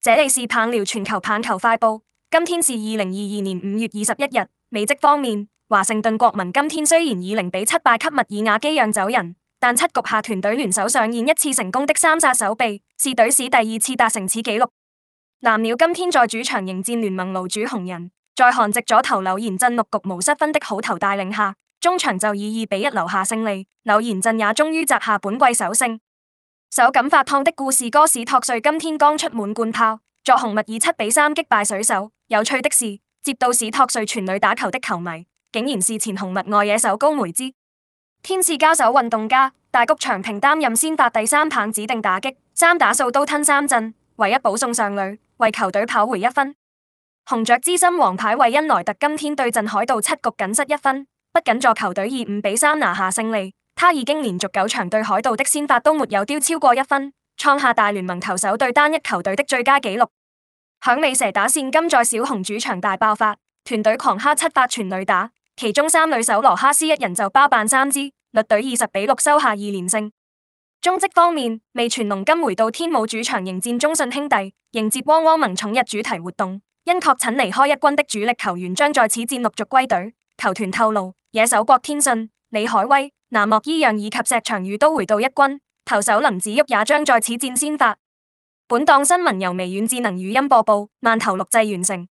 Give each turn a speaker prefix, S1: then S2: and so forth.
S1: 這裏是棒聊全球棒球快報，今天是二零二二年五月二十一日。美職方面，華盛頓國民今天雖然以零比七敗給密爾瓦基釀酒人，但七局下團隊聯手上演一次成功的三殺守備，是隊史第二次達成此紀錄。藍鳥今天在主場迎戰聯盟老主紅人，在韓籍左投柳賢鎮六局無失分的好投帶領下，終場就以二比一留下勝利，柳賢鎮也終於摘下本季首勝。手感發燙的故事哥史托瑞今天剛出滿貫炮，作紅襪以七比三擊敗水手。有趣的是，接到史托瑞全壘打球的球迷，竟然是前紅襪外野手高梅茲。天使交手運動家大谷翔平擔任先發第三棒指定打擊，三打數都吞三振，唯一保送上壘，為球隊跑回一分。紅雀資深王牌韋恩萊特今天對陣海盜七局僅失一分，不僅助球隊以五比三拿下勝利。他已經連續九場對海盜的先發都沒有丟超過一分，創下大聯盟投手對單一球隊的最佳紀錄。響尾蛇打線今在小熊主場大爆發，團隊狂轟七發全壘打，其中三壘手羅哈斯一人就包辦三支，率隊二十比六收下二連勝。中職方面，味全龍今回到天母主場迎戰中信兄弟，迎接汪汪萌寵日主題活動。因確診離開一軍的主力球員將在此戰陸續歸隊，球團透露野手郭天信。李海威、南莫依樣以及石祥宇都回到一軍，投手林子旭也將在此戰先發。本檔新聞由微軟智能語音播報，慢頭錄製完成。